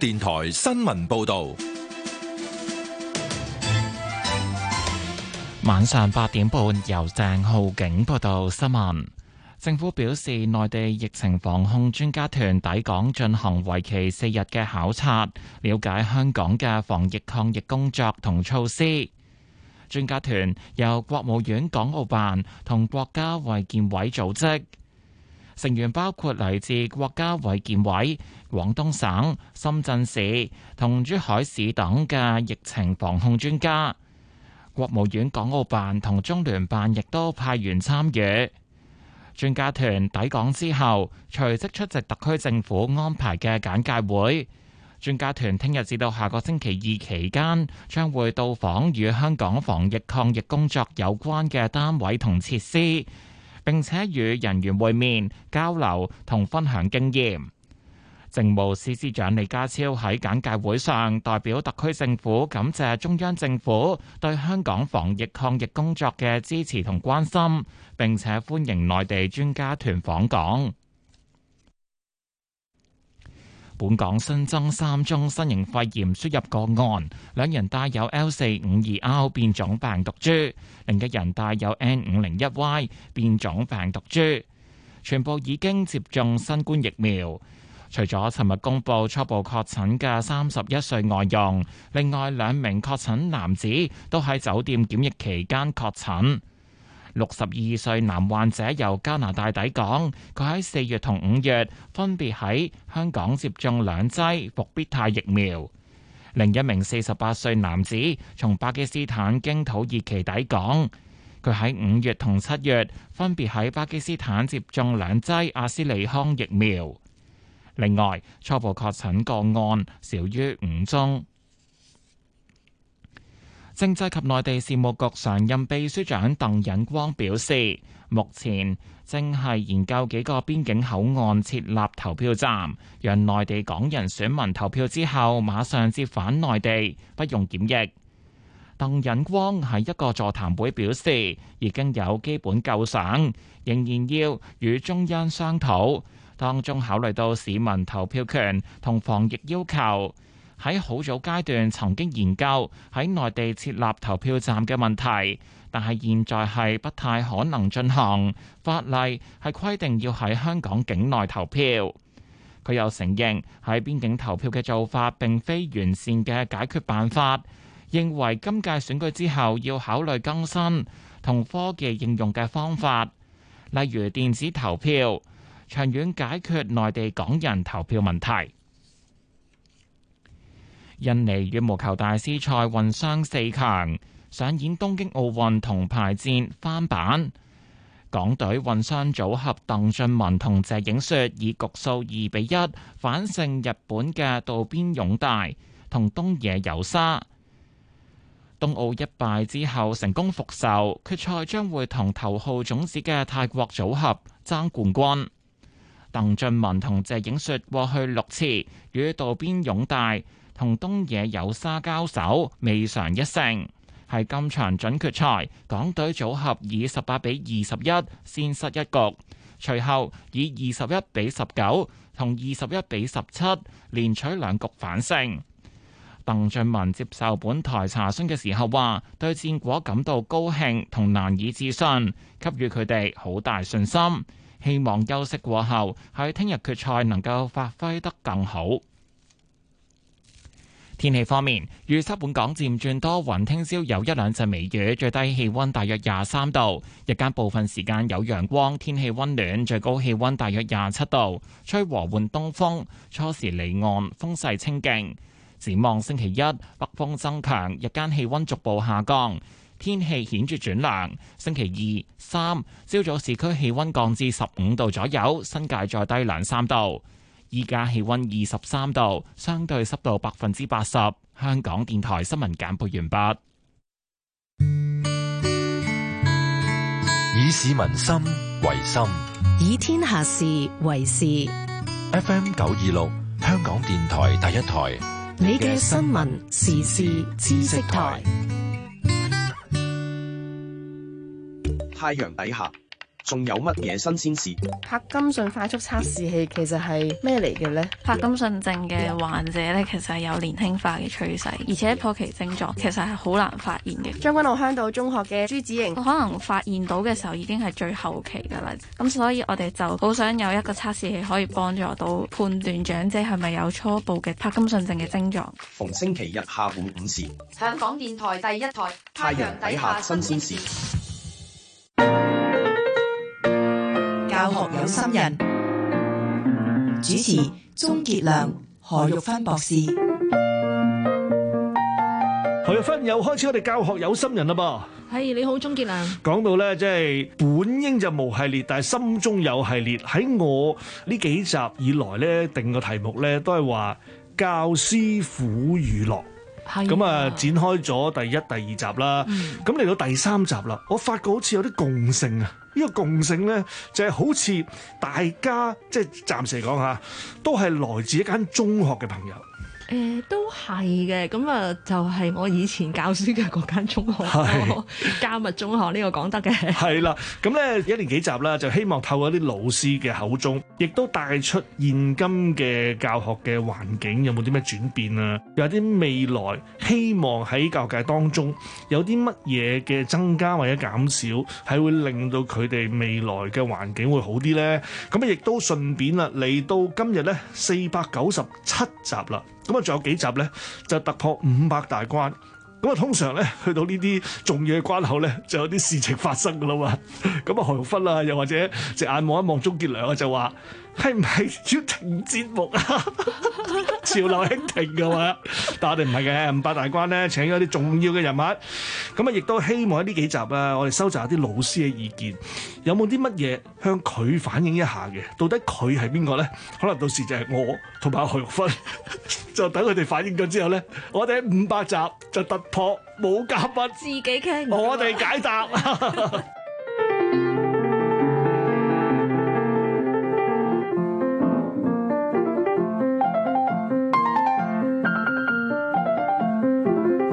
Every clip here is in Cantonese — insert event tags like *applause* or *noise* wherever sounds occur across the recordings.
電台新聞報道，晚上八點半由鄭浩景報道新聞。政府表示，內地疫情防控專家團抵港進行為期四日嘅考察，了解香港嘅防疫抗疫工作同措施。專家團由國務院港澳辦同國家衛健委組織。成員包括來自國家衛健委、廣東省、深圳市同珠海市等嘅疫情防控專家。國務院港澳辦同中聯辦亦都派員參與。專家團抵港之後，隨即出席特區政府安排嘅簡介會。專家團聽日至到下個星期二期間，將會到訪與香港防疫抗疫工作有關嘅單位同設施。並且與人員會面、交流同分享經驗。政務司司長李家超喺簡介會上代表特區政府感謝中央政府對香港防疫抗疫工作嘅支持同關心，並且歡迎內地專家團訪港。本港新增三宗新型肺炎輸入個案，兩人帶有 L 四五二 R 變種病毒株，另一人帶有 N 五零一 Y 變種病毒株，全部已經接種新冠疫苗。除咗尋日公布初步確診嘅三十一歲外傭，另外兩名確診男子都喺酒店檢疫期間確診。六十二歲男患者由加拿大抵港，佢喺四月同五月分別喺香港接種兩劑復必泰疫苗。另一名四十八歲男子從巴基斯坦經土耳其抵港，佢喺五月同七月分別喺巴基斯坦接種兩劑阿斯利康疫苗。另外，初步確診個案少於五宗。政制及內地事務局常任秘書長鄧忍光表示，目前正係研究幾個邊境口岸設立投票站，讓內地港人選民投票之後馬上接返內地，不用檢疫。鄧忍光喺一個座談會表示，已經有基本構想，仍然要與中央商討，當中考慮到市民投票權同防疫要求。喺好早階段曾經研究喺內地設立投票站嘅問題，但係現在係不太可能進行。法例係規定要喺香港境內投票。佢又承認喺邊境投票嘅做法並非完善嘅解決辦法，認為今屆選舉之後要考慮更新同科技應用嘅方法，例如電子投票，長遠解決內地港人投票問題。印尼羽毛球大師賽混雙四強上演東京奧運銅牌戰翻版，港隊混雙組合鄧俊文同謝影雪以局數二比一反勝日本嘅渡邊勇大同東野有沙。東奧一敗之後成功復仇，決賽將會同頭號種子嘅泰國組合爭冠軍。鄧俊文同謝影雪過去六次與渡邊勇大。同東野有沙交手未嘗一勝，係今場準決賽，港隊組合以十八比二十一先失一局，隨後以二十一比十九同二十一比十七連取兩局反勝。鄧俊文接受本台查詢嘅時候話：對戰果感到高興同難以置信，給予佢哋好大信心，希望休息過後喺聽日決賽能夠發揮得更好。天氣方面，預測本港漸轉多雲，聽朝有一兩陣微雨，最低氣溫大約廿三度。日間部分時間有陽光，天氣溫暖，最高氣溫大約廿七度，吹和緩東風，初時離岸，風勢清勁。展望星期一，北風增強，日間氣溫逐步下降，天氣顯著轉涼。星期二、三，朝早市區氣溫降至十五度左右，新界再低兩三度。依家氣溫二十三度，相對濕度百分之八十。香港電台新聞簡報完畢。以市民心為心，以天下事為事。FM 九二六，香港電台第一台，你嘅新聞時事知識台。太陽底下。仲有乜嘢新鮮事？帕金遜快速測試器其實係咩嚟嘅呢？帕金遜症嘅患者咧，其實係有年輕化嘅趨勢，而且早期症狀其實係好難發現嘅。將軍澳香島中學嘅朱子瑩， *noise* 可能發現到嘅時候已經係最後期噶啦。咁所以我哋就好想有一個測試器可以幫助到判斷長者係咪有初步嘅帕金遜症嘅症狀。逢星期日，下午五時，香港電台第一台，太陽底下新鮮事。教學有心人，主持鍾杰亮、何玉芬博士。何玉芬，又開始我哋教學有心人啦噃。係，你好，鍾杰亮。講 *music* 到咧，即係本應就冇系列，但係心中有系列。喺我呢幾集以來咧，定個題目咧，都係話教師苦與樂。咁啊，嗯、展開咗第一、第二集啦。咁嚟、嗯、到第三集啦，我發覺好似有啲共性啊！呢個共性咧，就係好似大家即係暫時嚟講吓，都係來自一間中學嘅朋友。誒、嗯，都係嘅，咁、嗯、啊，就係、是、我以前教書嘅嗰間中學，教物的中學個講 *laughs* 呢個講得嘅係啦。咁咧，一年幾集啦，就希望透過啲老師嘅口中，亦都帶出現今嘅教學嘅環境有冇啲咩轉變啊？有啲未來希望喺教界當中有啲乜嘢嘅增加或者減少，係會令到佢哋未來嘅環境會好啲咧？咁啊，亦都順便啦，嚟到今日咧，四百九十七集啦。咁啊，仲有幾集咧，就突破五百大關。咁啊，通常咧，去到呢啲重要嘅關口咧，就有啲事情發生㗎喇嘛。咁啊， *laughs* 何玉芬啊，又或者隻眼望一望鍾傑良啊，就話。係唔係要停節目啊？ *laughs* 潮流興停嘅嘛，但我哋唔係嘅。五百大關咧，請咗啲重要嘅人物，咁啊，亦都希望喺呢幾集啊，我哋收集一啲老師嘅意見，有冇啲乜嘢向佢反映一下嘅？到底佢係邊個咧？可能到時就係我同埋何玉芬， *laughs* 就等佢哋反映咗之後咧，我哋喺五百集就突破冇嘉賓，自己傾，我哋解答。 *laughs*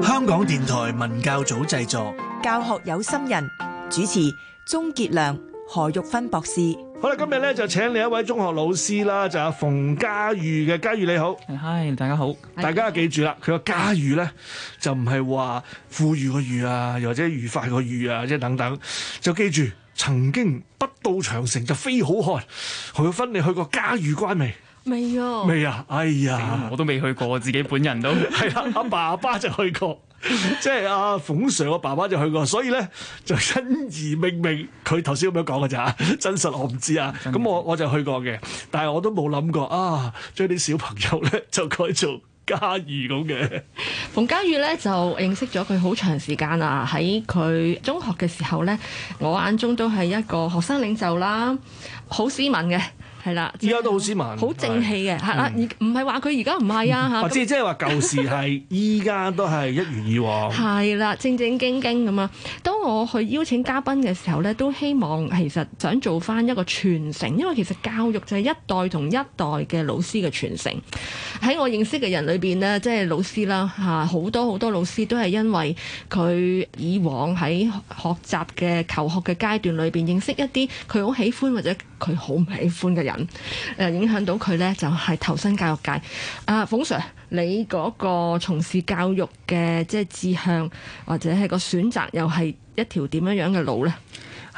香港電台文教組製作，教學有心人主持鍾杰良、何玉芬博士。好啦，今日咧就請另一位中學老師啦，就阿、啊、馮嘉峪嘅嘉峪。你好，係大家好，大家記住啦，佢個嘉峪咧就唔係話富裕個裕啊，又或者愉快個裕啊，即係等等，就記住曾經不到長城就非好漢，何玉芬你去過嘉峪關未？未啊！未啊！哎呀，我都未去過，我自己本人都係啦。阿、 *laughs* *laughs* 啊、爸爸就去過，即係阿、啊、馮 sir 個爸爸就去過，所以咧就因而命名。佢頭先咁樣講嘅咋？真實我唔知啊。咁我我就去過嘅，但係我都冇諗過啊，將啲小朋友咧就改做嘉峪咁嘅。馮嘉峪咧就認識咗佢好長時間啊！喺佢中學嘅時候咧，我眼中都係一個學生領袖啦，好斯文嘅。係啦，而家都好斯文，好正氣嘅，係啦是，而唔係話佢而家唔係啊嚇。 *laughs* 那即即係話舊時係，依家 *laughs* 都係一如以往。係啦，正正經經咁啊！當我去邀請嘉賓嘅時候咧，都希望其實想做翻一個傳承，因為其實教育就係一代同一代嘅老師嘅傳承。喺我認識嘅人裏邊呢，即係老師啦嚇，好多好多老師都係因為佢以往喺學習嘅求學嘅階段裏邊認識一啲佢好喜歡或者。佢好唔喜歡嘅人，誒影響到佢呢就係、是、投身教育界。阿、啊、馮 Sir，你嗰個從事教育嘅即係志向，或者係個選擇，又係一條點樣樣嘅路呢？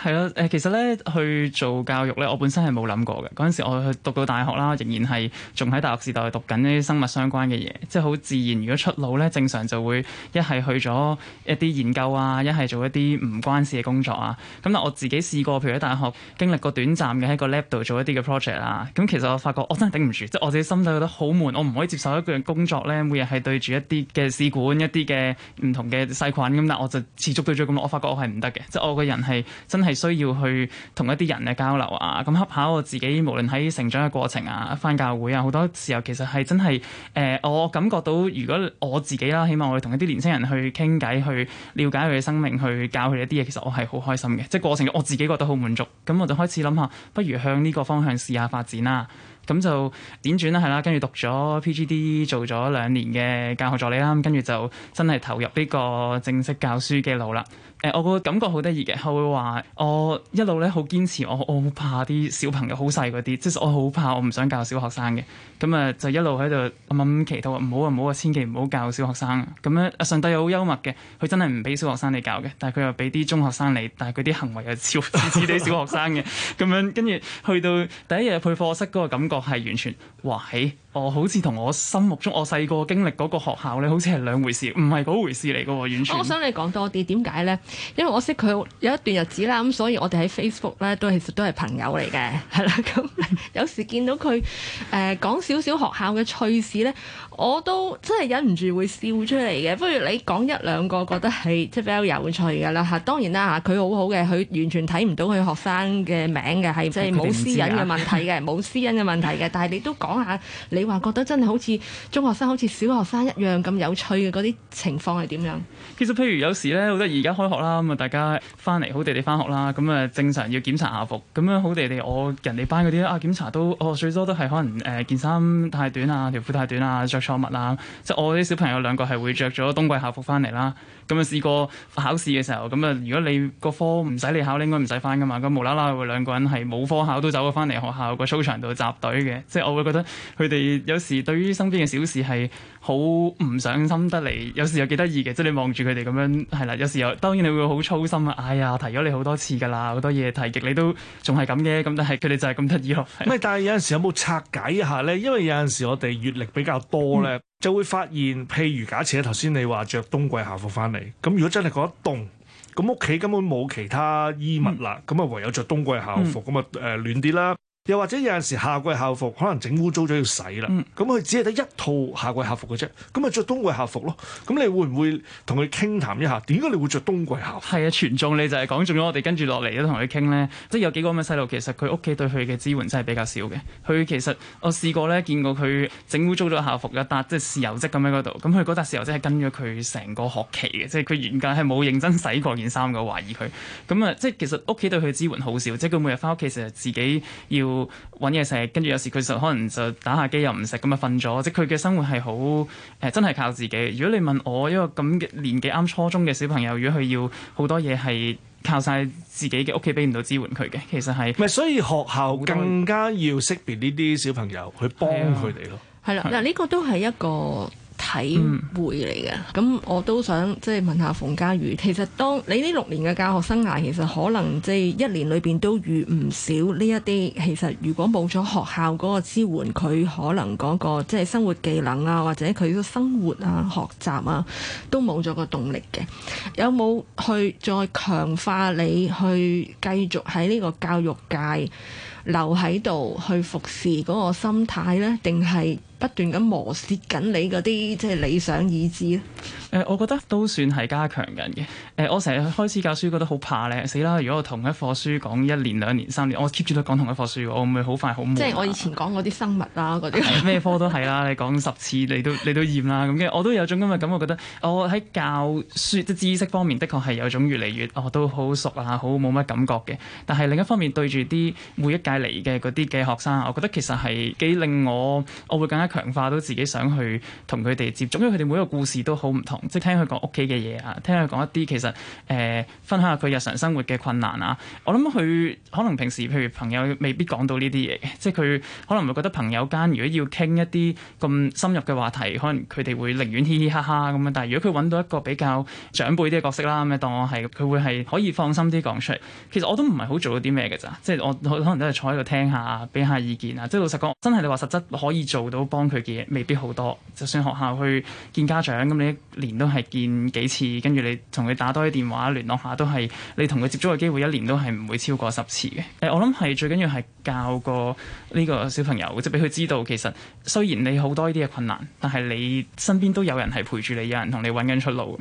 係咯，誒其實咧去做教育咧，我本身係冇諗過嘅。嗰陣時我去讀到大學啦，仍然係仲喺大學時代讀緊呢啲生物相關嘅嘢，即係好自然。如果出路咧，正常就會一係去咗一啲研究啊，一係做一啲唔關事嘅工作啊。咁但我自己試過，譬如喺大學經歷過短暫嘅喺個 lab 度做一啲嘅 project 啦。咁其實我發覺我真係頂唔住，即係我自己心底覺得好悶，我唔可以接受一樣工作咧，每日係對住一啲嘅試管、一啲嘅唔同嘅細菌咁，但我就持續對住咁，我發覺我係唔得嘅，即係我個人係真係，係需要去同一啲人嘅交流啊，咁恰巧我自己無論喺成長嘅過程啊，返教會啊，好多時候其實係真係，誒、呃，我感覺到如果我自己啦、啊，起碼我哋同一啲年輕人去傾偈，去了解佢嘅生命，去教佢哋一啲嘢，其實我係好開心嘅，即係過程我自己覺得好滿足，咁我就開始諗下，不如向呢個方向試下發展啦，咁就點轉啦、啊，係啦、啊，跟住讀咗 PGD，做咗兩年嘅教學助理啦、啊，跟住就真係投入呢個正式教書嘅路啦。誒，我個感覺好得意嘅，佢會話我一路咧，好堅持，我我，好怕啲小朋友好細嗰啲，即係我好怕我唔想教小學生嘅，咁啊，就一路喺度諗祈禱，唔好啊，唔好啊，千祈唔好教小學生。咁咧，上帝又好幽默嘅，佢真係唔俾小學生你教嘅，但係佢又俾啲中學生嚟，但係佢啲行為又超似啲小學生嘅，咁 *laughs* 樣，跟住去到第一日去課室嗰個感覺係完全哇嘿！我、哦、好似同我心目中我細個經歷嗰個學校咧，好似係兩回事，唔係嗰回事嚟㗎喎，完全。我想你講多啲點解咧？因為我識佢有一段日子啦，咁所以我哋喺 Facebook 咧都其實都係朋友嚟嘅，係啦。咁有時見到佢誒、呃、講少少學校嘅趣事咧，我都真係忍唔住會笑出嚟嘅。不如你講一兩個覺得係即係比較有趣嘅啦嚇。當然啦嚇，佢好好嘅，佢完全睇唔到佢學生嘅名嘅，係即係冇私隱嘅問題嘅，冇、啊、 *laughs* 私隱嘅問題嘅。但係你都講下。你話覺得真係好似中學生，好似小學生一樣咁有趣嘅嗰啲情況係點樣？其實譬如有時咧，好多而家開學啦，咁啊大家翻嚟，好地地翻學啦，咁啊正常要檢查校服，咁樣好地地我人哋班嗰啲啊檢查都，我最多都係可能誒件衫太短啊，條褲太短啊，着錯襪啊，即係我啲小朋友兩個係會着咗冬季校服翻嚟啦。咁啊試過考試嘅時候，咁啊如果你個科唔使你考，你應該唔使翻㗎嘛。咁無啦啦會兩個人係冇科考都走咗翻嚟學校個操場度集隊嘅，即係我會覺得佢哋。有時對於身邊嘅小事係好唔上心得嚟，有時又幾得意嘅，即係你望住佢哋咁樣係啦。有時又當然你會好操心啊！哎呀，提咗你好多次噶啦，好多嘢提，極你都仲係咁嘅，咁但係佢哋就係咁得意咯。唔但係有陣時有冇拆解一下咧？因為有陣時我哋閱歷比較多咧，嗯、就會發現，譬如假設頭先你話着冬季校服翻嚟，咁如果真係覺得凍，咁屋企根本冇其他衣物啦，咁啊、嗯、唯有着冬季校服，咁啊誒暖啲啦。又或者有陣時夏季校服可能整污糟咗要洗啦，咁佢、嗯、只係得一套夏季校服嘅啫，咁咪着冬季校服咯。咁你會唔會同佢傾談一下？點解你會着冬季校服？係啊，全中你就係講中咗我哋跟住落嚟都同佢傾咧，即係有幾個咁嘅細路，其實佢屋企對佢嘅支援真係比較少嘅。佢其實我試過咧，見過佢整污糟咗校服一笪，即係豉油跡咁喺嗰度。咁佢嗰笪豉油跡係跟咗佢成個學期嘅，即係佢原價係冇認真洗過件衫嘅，我懷疑佢。咁啊，即係其實屋企對佢支援好少，即係佢每日翻屋企成日自己要。搵嘢食，跟住有時佢就可能打就打下機又唔食咁啊，瞓咗。即係佢嘅生活係好誒，真係靠自己。如果你問我一個咁嘅年紀啱初中嘅小朋友，如果佢要好多嘢係靠晒自己嘅屋企，俾唔到支援佢嘅，其實係咪？所以學校更加要識別呢啲小朋友，去幫佢哋咯。係啦，嗱呢、啊啊呢個都係一個體會嚟嘅，咁我都想即係問下馮嘉峪，其實當你呢六年嘅教學生涯，其實可能即係一年裏邊都遇唔少呢一啲，其實如果冇咗學校嗰個支援，佢可能嗰個即係生活技能啊，或者佢嘅生活啊、學習啊，都冇咗個動力嘅。有冇去再強化你去繼續喺呢個教育界留喺度去服侍嗰個心態呢？定係？不斷咁磨蝕緊你嗰啲即係理想意志啊！誒、呃，我覺得都算係加強緊嘅。誒、呃，我成日開始教書，覺得好怕咧，死啦！如果我同一課書講一年、兩年、三年，我 keep 住都講同一課書，我唔會好快好磨，啊。即係我以前講嗰啲生物啦，啊，嗰啲咩科都係啦。你講十次，你都你都厭啦。咁 *laughs* 嘅 *laughs* 我都有種咁嘅感覺，我覺得我喺教書即知識方面，的確係有種越嚟越哦，都好熟啊，好冇乜感覺嘅。但係另一方面，對住啲每一屆嚟嘅嗰啲嘅學生，我覺得其實係幾令我我會更加。強化到自己想去同佢哋接觸，因為佢哋每一個故事都好唔同，即係聽佢講屋企嘅嘢啊，聽佢講一啲其實誒、呃、分享下佢日常生活嘅困難啊。我諗佢可能平時譬如朋友未必講到呢啲嘢嘅，即係佢可能會覺得朋友間如果要傾一啲咁深入嘅話題，可能佢哋會寧願嘻嘻哈哈咁樣。但係如果佢揾到一個比較長輩啲嘅角色啦，咁樣當我係佢會係可以放心啲講出嚟。其實我都唔係好做到啲咩嘅咋，即係我，我可能都係坐喺度聽下，俾下意見啊。即係老實講，真係你話實質可以做到幫佢嘅嘢，未必好多，就算學校去見家長咁，你一年都係見幾次，跟住你同佢打多啲電話聯絡下都，都係你同佢接觸嘅機會，一年都係唔會超過十次嘅。欸，我諗係最緊要係教過呢個小朋友，即係俾佢知道，其實雖然你好多呢啲嘅困難，但係你身邊都有人係陪住你，有人同你揾緊出路。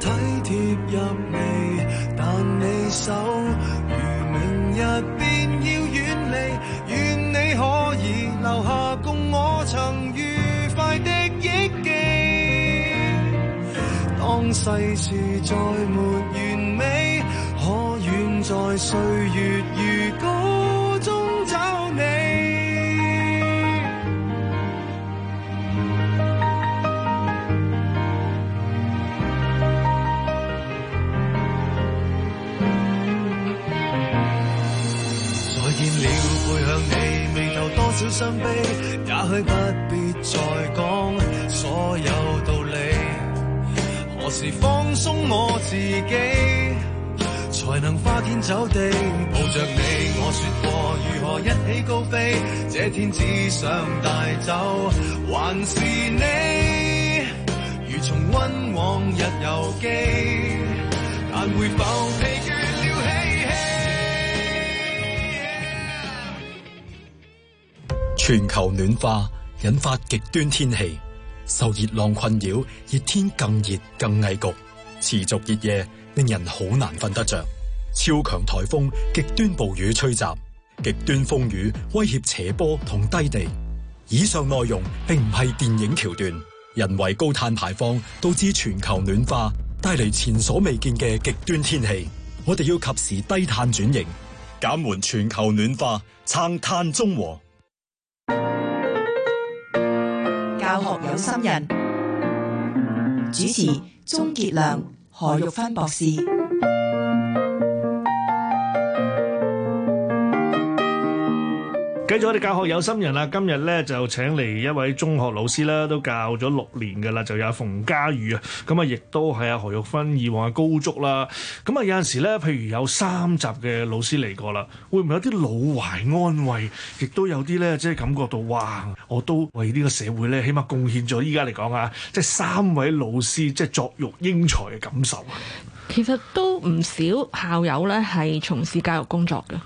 體貼入微，但你手如明日便要遠離。願你可以留下共我曾愉快的憶記，當世事再沒完美，可遠在歲月，如。傷悲，也許不必再講所有道理。何時放鬆我自己，才能花天酒地抱着你？我說過如何一起高飛，這天只想帶走還是你。如重溫往日遊記，但會否？全球暖化引發極端天氣，受熱浪困擾，熱天更熱更危局，持續熱夜令人好難瞓得着。超強台風、極端暴雨吹襲，極端風雨威脅斜坡同低地。以上內容並唔係電影橋段。人為高碳排放導致全球暖化，帶嚟前所未見嘅極端天氣。我哋要及時低碳轉型，減緩全球暖化，撐碳中和。新人主持：鍾杰良、何玉芬博士。咁我哋教學有心人啦，今日咧就請嚟一位中學老師啦，都教咗六年噶啦，就有馮嘉峪啊，咁啊亦都係阿何玉芬，以往嘅高足啦，咁啊有陣時咧，譬如有三集嘅老師嚟過啦，會唔會有啲老懷安慰？亦都有啲咧，即係感覺到哇，我都為呢個社會咧，起碼貢獻咗。依家嚟講啊，即係三位老師即係作育英才嘅感受啊！其實都唔少校友呢係從事教育工作嘅，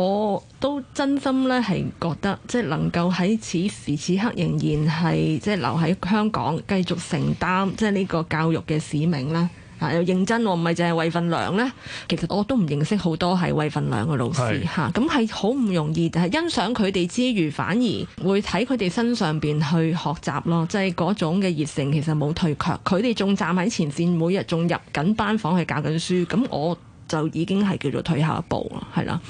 我都真心呢係覺得，即係能夠喺此時此刻仍然係即係留喺香港繼續承擔即係呢個教育嘅使命啦。啊！又認真喎，唔係淨係餵份糧咧。其實我都唔認識好多係餵份糧嘅老師嚇，咁係好唔容易。係欣賞佢哋之餘，反而會喺佢哋身上邊去學習咯。就係、是、嗰種嘅熱誠，其實冇退卻。佢哋仲站喺前線，每日仲入緊班房去教緊書。咁我。就已經係叫做退下一步啦，係啦。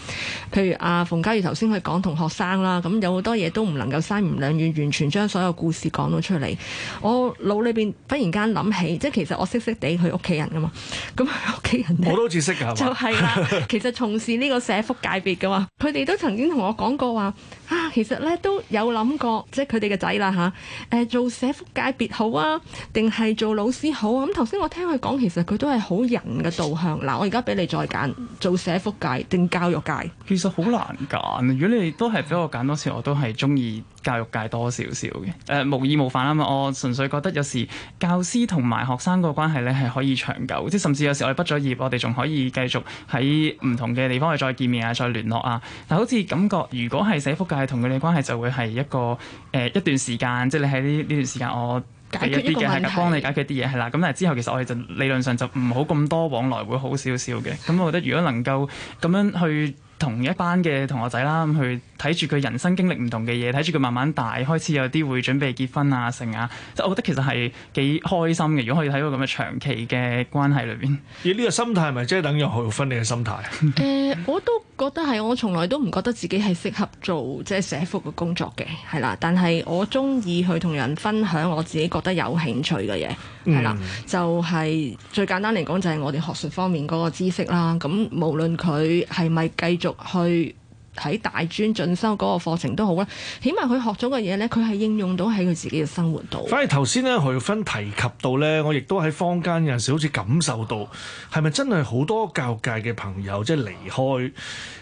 譬如阿馮嘉峪頭先去講同學生啦，咁有好多嘢都唔能夠三言兩語完全將所有故事講到出嚟。我腦裏邊忽然間諗起，即係其實我識識地佢屋企人噶嘛，咁佢屋企人好多似識噶，就係啦。 *laughs* 其實從事呢個社福界別噶嘛，佢哋都曾經同我講過話。啊，其實咧都有諗過，即係佢哋嘅仔啦嚇，誒、啊、做社福界別好啊，定係做老師好啊？咁頭先我聽佢講，其實佢都係好人嘅導向。嗱，我而家俾你再揀，做社福界定教育界？其實好難揀，如果你都係俾我揀多次，我都係中意教育界多少少嘅。誒、呃、無意無反啊嘛，我純粹覺得有時教師同埋學生個關係咧係可以長久，即係甚至有時我哋畢咗業，我哋仲可以繼續喺唔同嘅地方去再見面啊，再聯絡啊。嗱，好似感覺如果係社福但係同佢哋關係就會係一個誒、呃、一段時間，即係你喺呢呢段時間，我解決啲嘢係啦，幫你解決啲嘢係啦。咁但係之後，其實我哋就理論上就唔好咁多往來，會好少少嘅。咁我覺得如果能夠咁樣去同一班嘅同學仔啦，咁去。睇住佢人生經歷唔同嘅嘢，睇住佢慢慢大，開始有啲會準備結婚啊，成啊，即我覺得其實係幾開心嘅。如果可以睇到咁嘅長期嘅關係裏邊，而呢個心態係咪即係等於何玉芬你嘅心態？誒、 *laughs* 呃，我都覺得係，我從來都唔覺得自己係適合做即係、就是、社福嘅工作嘅，係啦。但係我中意去同人分享我自己覺得有興趣嘅嘢，係啦、嗯，就係、是、最簡單嚟講，就係我哋學術方面嗰個知識啦。咁無論佢係咪繼續去。喺大專進修嗰個課程都好啦，起碼佢學咗嘅嘢咧，佢係應用到喺佢自己嘅生活度。反而頭先咧，何玉芬提及到咧，我亦都喺坊間有陣時好似感受到，係咪真係好多教育界嘅朋友即係離開？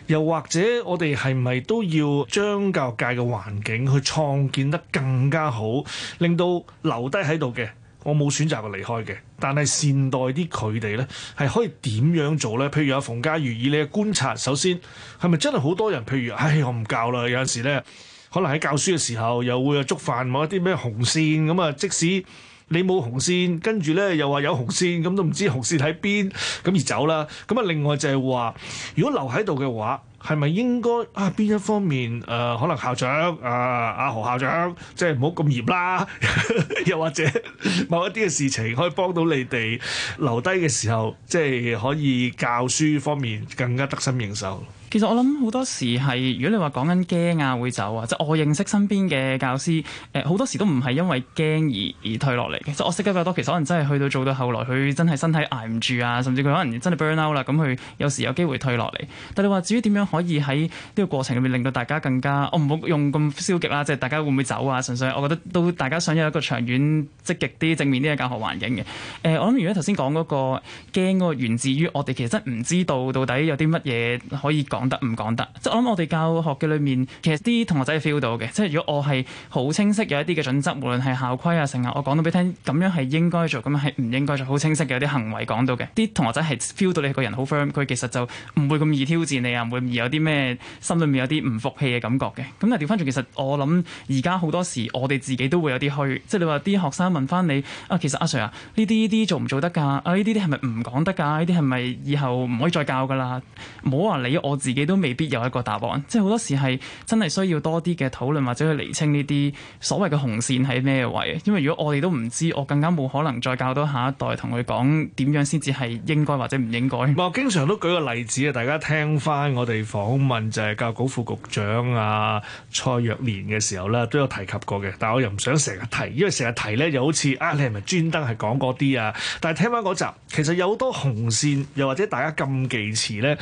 又或者我哋係咪都要將教育界嘅環境去創建得更加好，令到留低喺度嘅？我冇選擇過離開嘅，但係善待啲佢哋咧，係可以點樣做咧？譬如阿馮嘉峪以你嘅觀察，首先係咪真係好多人？譬如唉，我唔教啦。有陣時咧，可能喺教書嘅時候又會觸犯某一啲咩紅線咁啊。即使你冇紅線，跟住咧又話有紅線，咁都唔知紅線喺邊，咁而走啦。咁啊，另外就係話，如果留喺度嘅話。係咪應該啊？邊一方面誒、呃，可能校長、呃、啊，阿何校長，即係唔好咁嚴啦。 *laughs* 又或者某一啲嘅事情可以幫到你哋留低嘅時候，即係可以教書方面更加得心應手。其實我諗好多時係，如果你話講緊驚啊會走啊，即、就、係、是、我認識身邊嘅教師，誒、呃、好多時都唔係因為驚而而退落嚟嘅。即、就是、我識得較多，其實可能真係去到做到後來，佢真係身體捱唔住啊，甚至佢可能真係 burnout 啦，咁佢有時有機會退落嚟。但你話至於點樣可以喺呢個過程裏面令到大家更加，我唔好用咁消極啦、啊，即係大家會唔會走啊？純粹我覺得都大家想有一個長遠積極啲、正面啲嘅教學環境嘅。誒、呃，我諗如果頭先講嗰個驚嗰個源自於我哋其實真唔知道到底有啲乜嘢可以講。講得唔講得？即係我諗我哋教學嘅裏面，其實啲同學仔係 feel 到嘅。即係如果我係好清晰有一啲嘅準則，無論係校規啊成日啊，我講到俾你聽，咁樣係應該做，咁樣係唔應該做，好清晰嘅有啲行為講到嘅。啲同學仔係 feel 到你個人好 firm，佢其實就唔會咁易挑戰你啊，唔會易有啲咩心裏面有啲唔服氣嘅感覺嘅。咁但係調翻轉，其實我諗而家好多時，我哋自己都會有啲虛，即係你話啲學生問翻你啊，其實阿 Sir 啊，呢啲啲做唔做得噶？啊呢啲啲係咪唔講得噶？呢啲係咪以後唔可以再教噶啦？唔好話你我自自己都未必有一個答案，即係好多時係真係需要多啲嘅討論或者去厘清呢啲所謂嘅紅線喺咩位。因為如果我哋都唔知，我更加冇可能再教到下一代，同佢講點樣先至係應該或者唔應該，嗯。我經常都舉個例子啊，大家聽翻我哋訪問就係、是、教育局副、副局長啊蔡若蓮嘅時候咧，都有提及過嘅。但係我又唔想成日提，因為成日提咧又好似啊，你係咪專登係講嗰啲啊？但係聽翻嗰集，其實有好多紅線，又或者大家禁忌詞咧，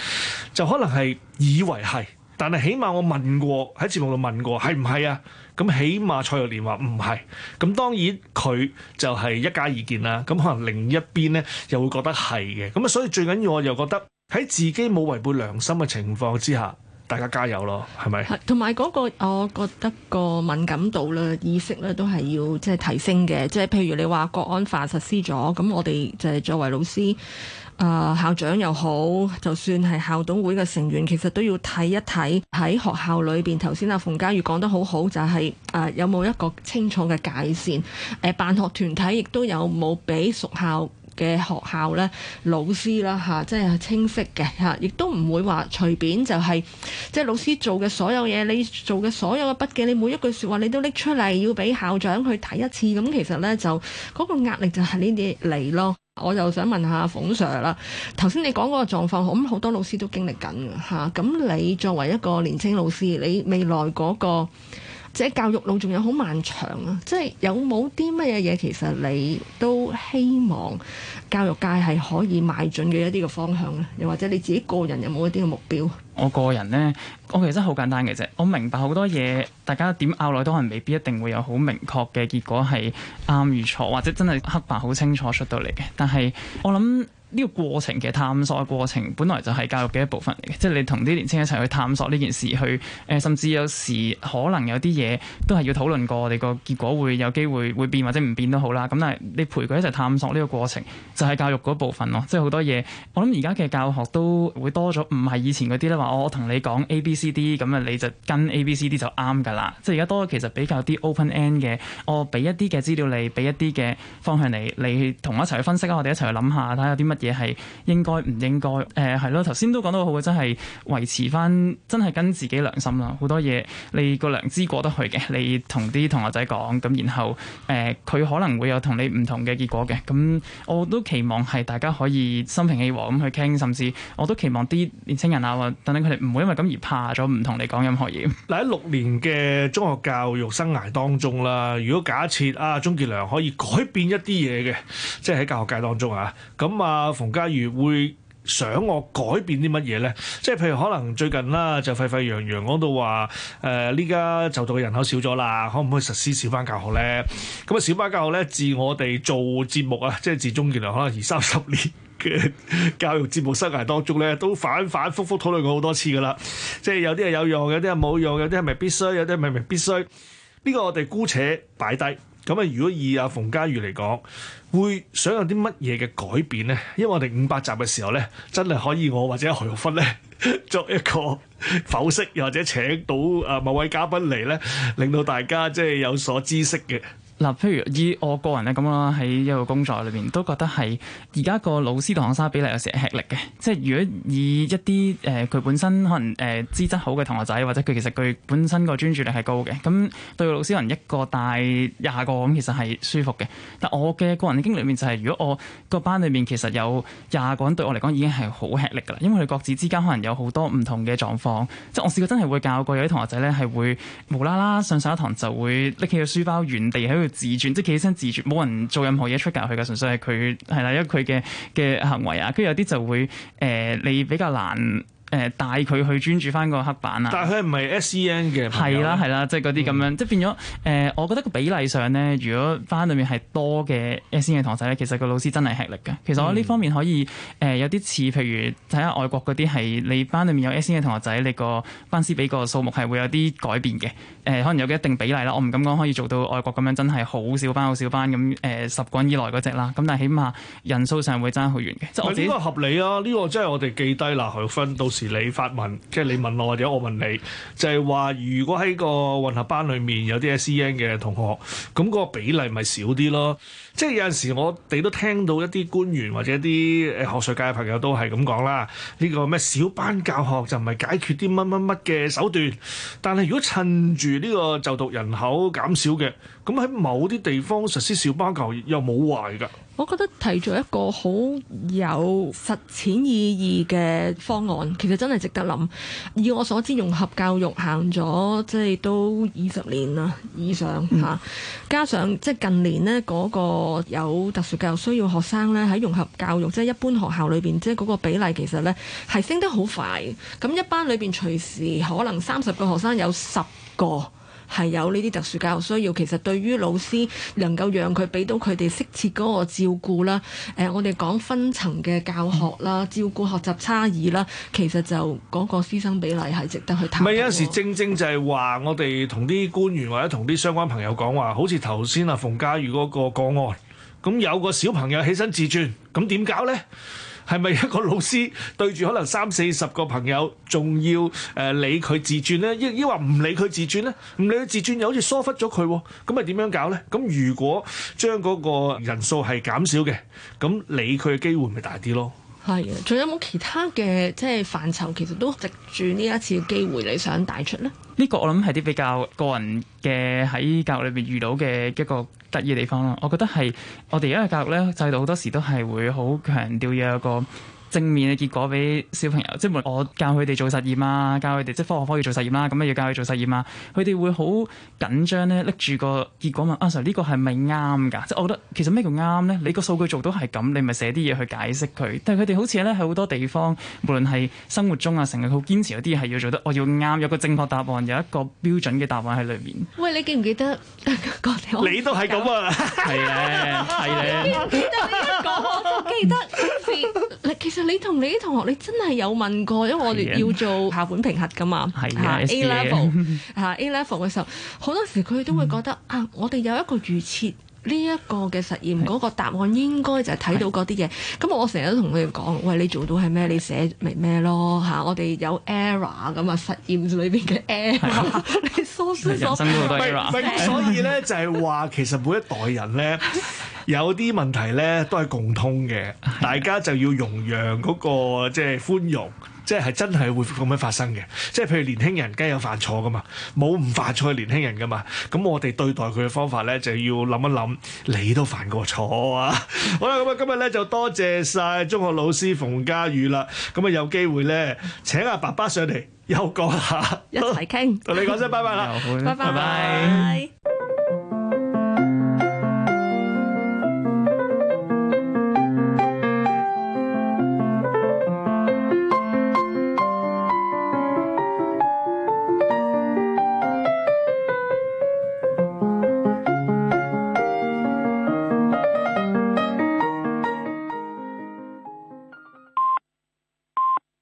就可能係。以為係，但係起碼我問過喺節目度問過係唔係啊？咁起碼蔡玉蓮話唔係，咁當然佢就係一家意見啦。咁可能另一邊呢，又會覺得係嘅。咁啊，所以最緊要我又覺得喺自己冇違背良心嘅情況之下，大家加油咯，係咪？同埋嗰個我覺得個敏感度啦、意識咧都係要即係提升嘅。即係譬如你話國安法實施咗，咁我哋就係作為老師。啊，校長又好，就算係校董會嘅成員，其實都要睇一睇喺學校裏邊。頭先阿馮嘉峪講得好好，就係、是、啊、呃，有冇一個清楚嘅界線？誒、呃，辦學團體亦都有冇俾屬校嘅學校咧，老師啦嚇、啊，即係清晰嘅嚇，亦、啊、都唔會話隨便就係即係老師做嘅所有嘢，你做嘅所有嘅筆記，你每一句説話，你都拎出嚟要俾校長去睇一次。咁、嗯、其實呢，就嗰、那個壓力就係呢啲嚟咯。我就想問下馮 Sir 啦，頭先你講嗰個狀況，好多老師都經歷緊嚇。咁你作為一個年青老師，你未來嗰個？即教育路仲有好漫長啊！即係有冇啲乜嘢嘢，其實你都希望教育界係可以邁進嘅一啲嘅方向咧？又或者你自己個人有冇一啲嘅目標？我個人咧，我其實好簡單嘅啫。我明白好多嘢，大家點拗耐都可能未必一定會有好明確嘅結果，係啱與錯或者真係黑白好清楚出到嚟嘅。但係我諗。呢個過程嘅探索嘅過程，本來就係教育嘅一部分嚟嘅，即、就、係、是、你同啲年青人一齊去探索呢件事，去誒、呃，甚至有時可能有啲嘢都係要討論過，我哋個結果會有機會會變或者唔變都好啦。咁但係你陪佢一齊探索呢個過程就，就係教育嗰部分咯。即係好多嘢，我諗而家嘅教學都會多咗，唔係以前嗰啲咧話，我同你講 A、B、C、D，咁啊你就跟 A、B、C、D 就啱㗎啦。即係而家多咗其實比較啲 open end 嘅，我、哦、俾一啲嘅資料你，俾一啲嘅方向你，你同我一齊去分析啊，我哋一齊去諗下，睇下有啲乜嘢係應該唔應該？誒係咯，頭先都講得好嘅，真係維持翻，真係跟自己良心啦。好多嘢你個良知過得去嘅，你同啲同學仔講咁，然後誒佢、呃、可能會有同你唔同嘅結果嘅。咁我都期望係大家可以心平氣和咁去傾，甚至我都期望啲年輕人啊，等等佢哋唔會因為咁而怕咗，唔同你講任何嘢。嗱，喺六年嘅中學教育生涯當中啦，如果假設啊，鍾健良可以改變一啲嘢嘅，即係喺教學界當中啊，咁啊～馮嘉峪會想我改變啲乜嘢咧？即係譬如可能最近啦，就沸沸揚揚講到話，誒呢家就讀嘅人口少咗啦，可唔可以實施小班教學咧？咁啊，小班教學咧，自我哋做節目啊，即係自中年良可能二三十年嘅教育節目生涯當中咧，都反反覆覆討論過好多次噶啦。即係有啲係有用，有啲係冇用，有啲係咪必須，有啲唔係咪必須？呢、這個我哋姑且擺低。咁啊，如果以阿馮嘉峪嚟講，會想有啲乜嘢嘅改變咧？因為我哋五百集嘅時候咧，真係可以我或者何玉芬咧作一個剖析，又或者請到啊某位嘉賓嚟咧，令到大家即係有所知識嘅。嗱，譬如以我個人咧咁啦，喺一個工作裏邊都覺得係而家個老師同學生比例有時係，吃力嘅。即係如果以一啲誒佢本身可能誒資質好嘅同學仔，或者佢其實佢本身個專注力係高嘅，咁對老師人一個帶廿個咁，其實係舒服嘅。但我嘅個人經歷裏面就係如果我個班裏面其實有廿個人，對我嚟講已經係好吃力㗎啦，因為佢各自之間可能有好多唔同嘅狀況，即係我試過真係會教過有啲同學仔咧係會無啦啦上晒一堂，就會拎起個書包原地喺度。自轉即係企起身自轉，冇人做任何嘢出格去嘅，純粹係佢係啦，因為佢嘅嘅行為啊，跟住有啲就會誒、呃，你比較難。誒帶佢去專注翻個黑板啊！但係佢唔係 S.E.N. 嘅，係啦係啦，即係嗰啲咁樣，嗯、即係變咗誒、呃。我覺得個比例上咧，如果班裡面係多嘅 S.E.N. 嘅同學仔咧，其實個老師真係吃力嘅。其實我呢方面可以誒、呃，有啲似譬如睇下外國嗰啲係你班裡面有 S.E.N. 嘅同學仔，你個班師比個數目係會有啲改變嘅。誒、呃，可能有一一定比例啦。我唔敢講可以做到外國咁樣，真係好少班好少班咁，誒、呃，十個人以內嗰隻啦。咁但係起碼人數上會爭好遠嘅。唔係呢個合理啊？呢、這個真係我哋記低啦，去分到。你發問，即係你問我或者我問你，就係話如果喺個混合班裡面有啲 SEN 嘅同學，咁嗰個比例咪少啲咯。即係有陣時我哋都聽到一啲官員或者一啲誒學術界嘅朋友都係咁講啦。呢、呢個咩小班教學就唔係解決啲乜乜乜嘅手段，但係如果趁住呢個就讀人口減少嘅，咁喺某啲地方實施小班教學又冇壞噶，我覺得提出一個好有實踐意義嘅方案，其實真係值得諗。以我所知，融合教育行咗即係都二十年啦以上吓，嗯、加上即係近年咧嗰、嗰個。有特殊教育需要學生咧喺融合教育，即係一般學校裏邊，即係嗰個比例其實咧係升得好快。咁一班裏邊隨時可能三十個學生有十個。係有呢啲特殊教育需要，其實對於老師能夠讓佢俾到佢哋適切嗰個照顧啦。誒、呃，我哋講分層嘅教學啦，照顧學習差異啦，其實就嗰、嗰個師生比例係值得去睇討。咪有陣時正正就係話，我哋同啲官員或者同啲相關朋友講話，好似頭先啊，馮嘉峪嗰個個案，咁有個小朋友起身自轉，咁點搞呢？係咪一個老師對住可能三四十個朋友，仲要誒理佢自尊咧？亦亦話唔理佢自尊咧？唔理佢自尊又好似疏忽咗佢喎，咁啊點樣搞咧？咁如果將嗰個人數係減少嘅，咁理佢嘅機會咪大啲咯？係，仲有冇其他嘅，即係範疇，其實都藉住呢一次嘅機會，你想帶出咧？呢個我諗係啲比較個人嘅，喺教育裏邊遇到嘅一個得意地方咯。我覺得係我哋而家嘅教育咧，制度好多時都係會好強調有一個。正面嘅結果俾小朋友，即係我教佢哋做實驗啊，教佢哋即係科學科要做實驗啦，咁啊要教佢做實驗啊，佢哋會好緊張咧，拎住個結果問阿、啊、Sir 呢個係咪啱㗎？即係我覺得其實咩叫啱咧？你個數據做到係咁，你咪寫啲嘢去解釋佢。但係佢哋好似咧喺好多地方，無論係生活中啊，成日好堅持有啲嘢，係要做得，我要啱，有個正確答案，有一個標準嘅答案喺裏面。喂，你記唔記得你都係咁啊？係啊，係咧。記得呢個我都記得，其實、啊。你 *laughs* 你同你啲同學，你真係有問過，因為我哋要做校本評核噶嘛，嚇的、啊、A level 嚇 *laughs* A level 嘅時候，好多時佢哋都會覺得、嗯、啊，我哋有一個預設。呢一個嘅實驗嗰個答案應該就係睇到嗰啲嘢，咁的我成日都同佢哋講，喂，你做到係咩？你寫咪咩咯？嚇、啊，我哋有 error 咁啊，實驗裏邊嘅 error，你梳梳梳梳 *laughs* 所以呢，就係話其實每一代人呢，有啲問題呢都係共通嘅，大家就要容讓嗰個，即係寬容。即係真係會咁樣發生嘅，即係譬如年輕人梗係有犯錯噶嘛，冇唔犯錯嘅年輕人噶嘛，咁我哋對待佢嘅方法咧就是，要諗一諗，你都犯過錯啊！ *laughs* 好啦，咁啊今日咧就多謝晒中學老師馮嘉峪啦，咁啊有機會咧請阿爸爸上嚟休講下，一齊傾，同你講聲拜拜啦，拜拜。